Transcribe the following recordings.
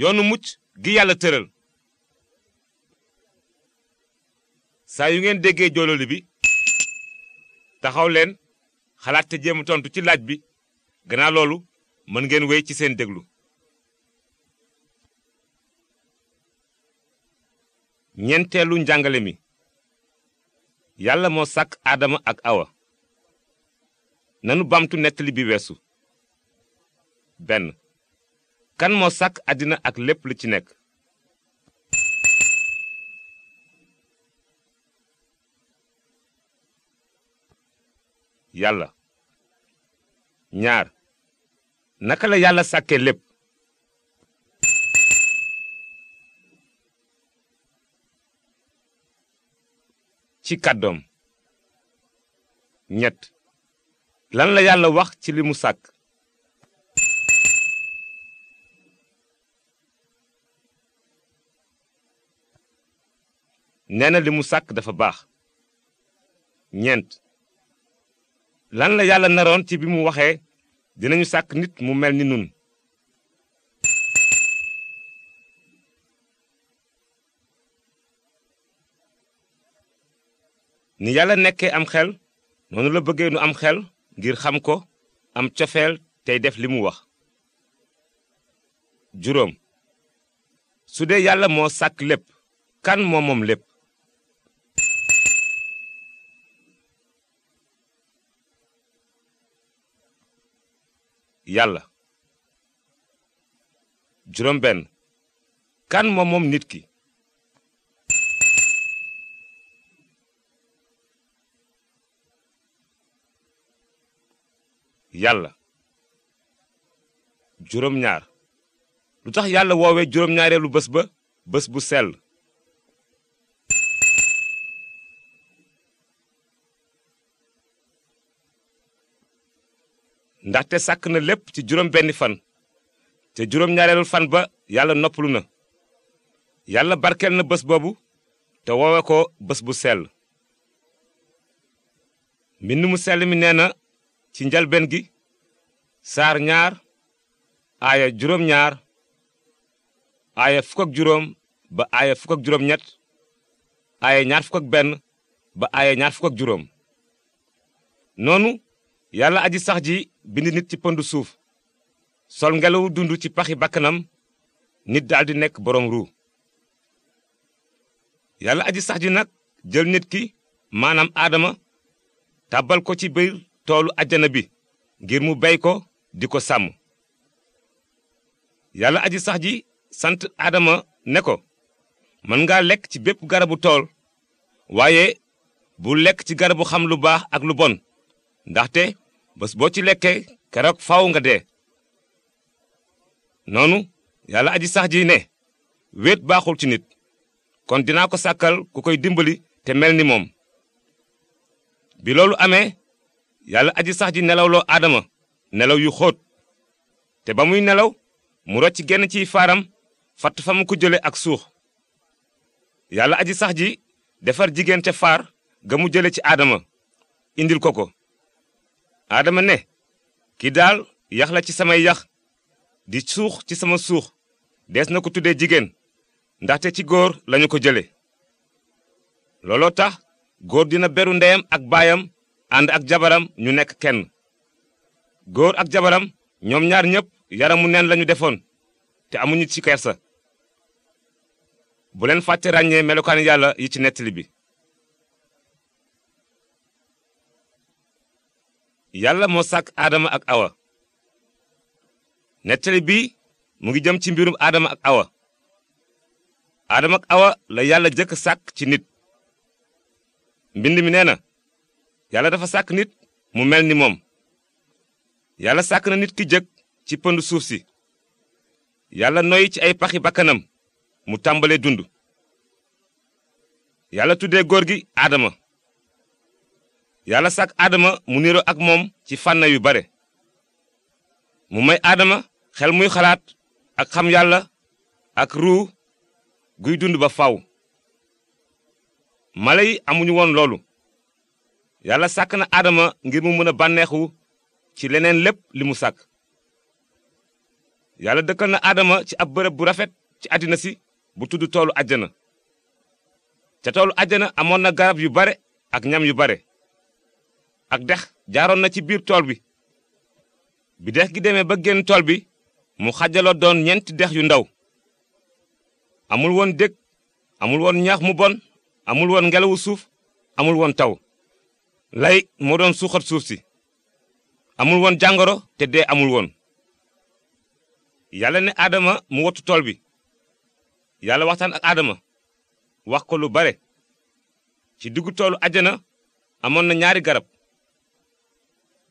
yoonu mucc gi yàlla tëral saa yu ngeen déggee joololi bi taxaw leen xalaat te jéem tontu ci laaj bi gannaaw loolu mën ngeen wéy ci seen déglu ñeenteelu njàngale mi yàlla moo sàkk aadama ak awa nanu bamtu nettali bi weesu benn kan moo sàkk àddina ak lépp lu ci nekk yàlla ñaar naka la yàlla sàkkee lépp ci kàddoom ñett lan la yàlla wax ci li mu sàkk nee na li mu sàkk dafa baax ñeent lan la yàlla naroon ci bi mu waxee dinañu sàkk nit mu mel ni nun ni yàlla nekkee am xel noonu la bëggee nu am xel ngir xam ko am cofeel tey def li mu wax juróom su dee yàlla moo sàkk lépp kan moo moom lépp yàlla juróom benn nit ki yàlla juróom lu tax yàlla woowe juróom ñaareelu bés ba bés bu sell ndaxte sàkk na lépp ci juróom benni fan te juróom ñaareelu fan ba yàlla noppalu na yàlla barkeel na bés boobu te woowe ko bës bu sell mbind mu sell mi nee na ci njalbeen gi saar ñaar aaya juróom ñaar aaya fukk ak juróom ba aaya fukk juróom ñett aaya ñaar fukk benn ba aaya ñaar fukk juróom noonu yàlla aji sax ji bind nit ci pënd suuf sol ngelaw dund ci paxi bakkanam nit daldi nekk borom ruu yàlla aji sax ji nag jël nit ki maanaam aadama tàbbal ko ci biir toolu ajjana bi ngir mu bey ko di ko sàmm yàlla aji sax ji sant aadama ne ko mën nga lekk ci bépp garabu tool waaye bu lekk ci garabu xam lu baax ak lu bon ndaxte bës boo ci lekkee keroog faw nga dee noonu yàlla aji sax ji ne wéet baaxul ci nit kon dinaa ko sàkkal ku koy dimbali te mel ni moom bi loolu amee yàlla aji sax ji nelawloo aadama nelaw yu xóot te ba muy nelaw mu rocc genn ciy faaram fatt fa mu ko jële ak suux yàlla aji sax ji defar jigéen ca faar ga mu jële ci aadama indil ko ko aadama ne kii daal yax la ci samay yax di suux ci sama suux des na ko tuddee jigéen ndaxte ci góor lañu ko jële looloo tax góor dina beru ndeyam ak baayam ànd ak jabaram ñu nekk kenn góor ak jabaram ñoom ñaar ñépp yaramu neen lañu defoon te amuñu ci kersa bu leen fàtte ràññee melokaani yàlla yi ci nettali bi yàlla moo sàkk aadama ak awa nettali bi mu ngi jëm ci mbirum aadama ak awa aadama ak awa la yàlla jëkk sàkk ci nit mbind mi nee na yàlla dafa sàkk nit mu mel ni moom yàlla sàkk na nit ki jëkk ci pëndu suuf si yàlla noy ci ay paxi bakkanam mu tàmbalee dund yàlla tuddee góor gi aadama yàlla sàkk aadama mu niroo ak moom ci fànn yu bare mu may aadama xel muy xalaat ak xam yàlla ak ruu guy dund ba faw mala yi amuñu woon loolu yàlla sàkk na aadama ngir mu mën a bànneexu ci leneen lépp li mu sàkk yàlla dëkkal na aadama ci ab bërëb bu rafet ci àddina si bu tudd toolu àjjana ca toolu àjjana amoon na garab yu bare ak ñam yu bare ak dex jaaroon na ci biir tool bi bi dex gi demee ba génn tool bi mu xajaloo doon ñeenti dex yu ndaw amul woon dég amul woon ñaax mu bon amul woon ngelawu suuf amul woon taw lay moo doon suuxat suuf si amul woon jàngoro te dee amul woon yàlla ne aadama mu wattu tool bi yàlla waxtaan ak aadama wax ko lu bare ci diggu toolu ajana amoon na ñaari garab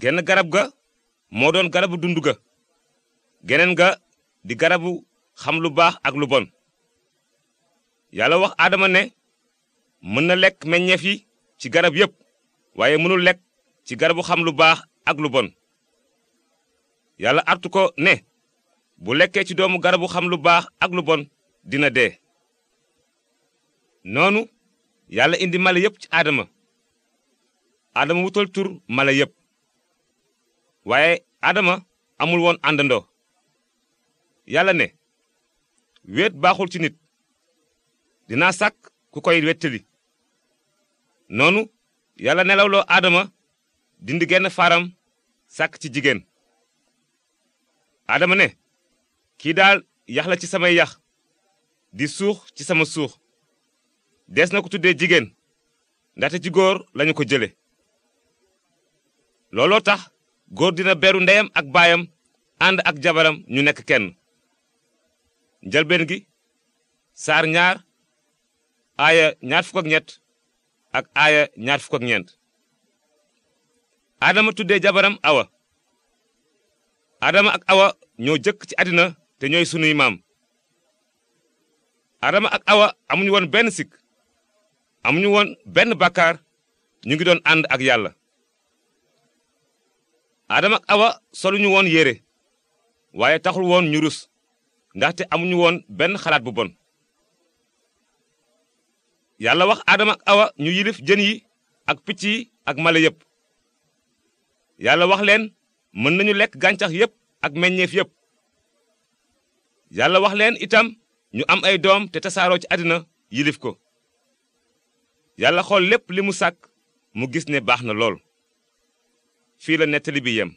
genn garab ga moo doon garabu dund ga geneen ga di garabu xam lu baax ak lu bon yàlla wax aadama ne mën na lekk meññeef yi ci garab yépp waaye mënul lekk ci garabu xam lu baax ak lu bon yàlla artu ko ne bu lekkee ci doomu garabu xam lu baax ak lu bon dina dee noonu yàlla indi mala yépp ci aadama aadama wutal tur mala yépp waaye Adama amul woon àndandoo yàlla ne wéet baaxul ci nit dinaa sàkk ku koy wettali noonu yàlla nelawloo Adama dindi genn faaram sàkk ci jigéen Adama ne kii daal yax la ci samay yax di suux ci sama suux des na ko tuddee jigéen ndaxte ci góor lañu ko jële looloo tax góor dina beru ndeyam ak baayam ànd ak jabaram ñu nekk kenn njëlbeen gi saar ñaar aaya ñaar fukk ak ñett ak aaya ñaar fukk ak adama tuddee jabaram awa adama ak awa ñoo jëkk ci àddina te ñooy sunuy maam adama ak awa amuñu woon benn sikk amuñu woon benn bàkkaar ñu ngi doon ànd ak yàlla aadama ak awa soluñu woon yére waaye taxul woon ñu rus ndaxte amuñu woon benn xalaat bu bon yàlla wax aadama ak awa ñu yilif jën yi ak picc yi ak mala yépp yàlla wax leen mën nañu lekk gàncax yépp ak meññeef yépp yàlla wax leen itam ñu am ay doom te tasaaroo ci àddina yilif ko yàlla xool lépp li mu sàkk mu gis ne baax na lool fii nettali bi yem.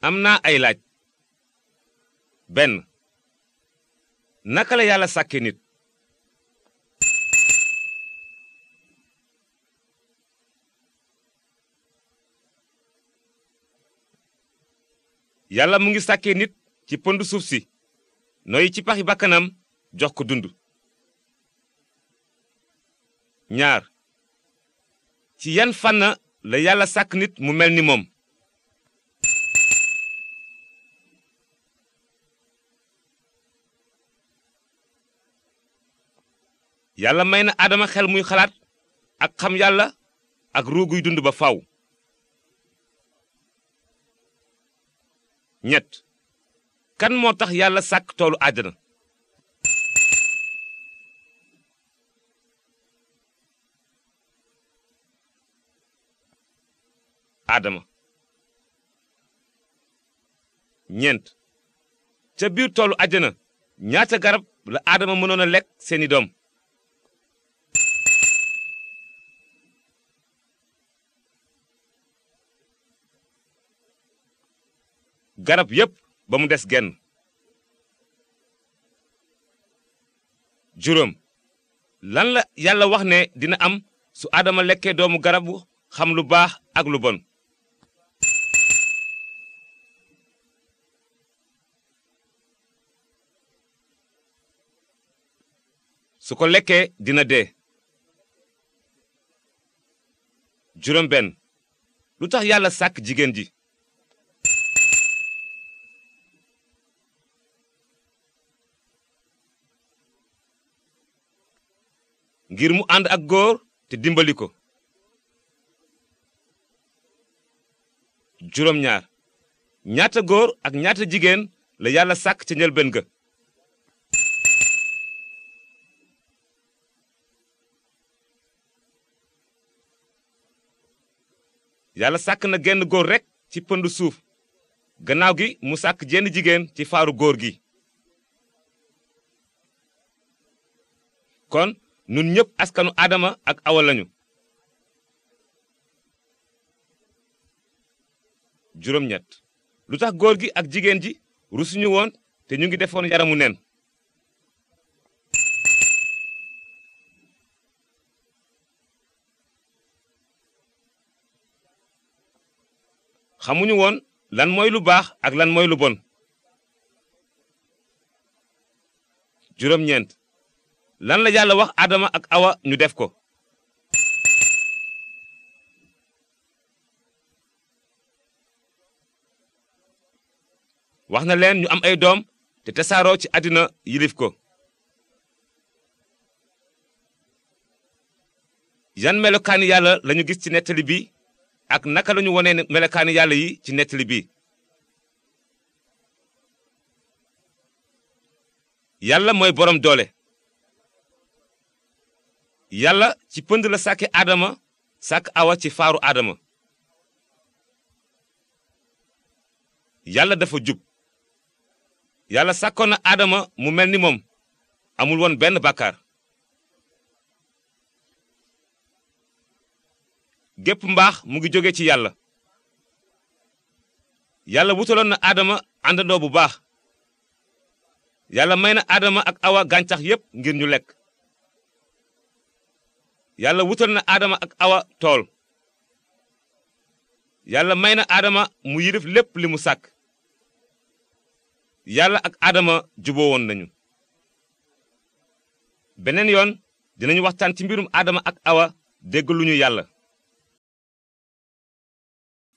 am naa ay laaj. benn naka la yàlla sàkke nit. yàlla mu ngi sàkkee nit ci pëndu suuf si noyyi ci paxi bakkanam jox ko dund. ñaar ci yan fànn la yàlla sàkk nit mu mel ni moom yàlla may na aadama xel muy xalaat ak xam yàlla ak ruuguy dund ba faw ñett kan moo tax yàlla sàkk toolu àjjana aadama ñeent ca biir toolu àjjana ñaata garab la aadama mënoon a lekk seeni doom garab yépp ba mu des genn juróom lan la yàlla wax ne dina am su aadama lekkee doomu garabu xam lu baax ak lu bon su ko lekkee dina dee juróom benn lu tax yàlla sàkk jigéen ji ngir mu ànd ak góor te dimbali ko juróom ñaar ñaata góor ak ñaata jigéen la yàlla sàkk ca njëlbéen yàlla sàkk na genn góor rekk ci pënd suuf gannaaw gi mu sàkk jenn jigéen ci faaru góor gi kon nun ñépp askanu aadama ak awalañu lañu lu tax góor gi ak jigéen ji rusuñu woon te ñu ngi defoon yaramu nen xamuñu woon lan mooy lu baax ak lan mooy lu bon juróom lan la yàlla wax aadama ak Awa ñu def ko wax na leen ñu am ay doom te tasaaroo ci àddina yilif ko yan melokaani yàlla lañu gis ci nettali bi ak naka lañu wone melekaani yàlla yi ci nettali bi yàlla mooy boroom doole yàlla ci pënd la sàkki aadama sàkk awa ci faaru aadama yàlla dafa jub yàlla sàkkoon na aadama mu mel ni moom amul woon benn bàkkaar gépp mbaax mu ngi jóge ci yàlla yàlla wutaloon na aadama àndandoo bu baax yàlla may na aadama ak awa gàncax yépp ngir ñu lekk yàlla wutal na aadama ak awa tool yàlla may na aadama mu yilif lépp li mu sàkk yàlla ak aadama juboo woon nañu beneen yoon dinañu waxtaan ci mbirum aadama ak awa dégg yàlla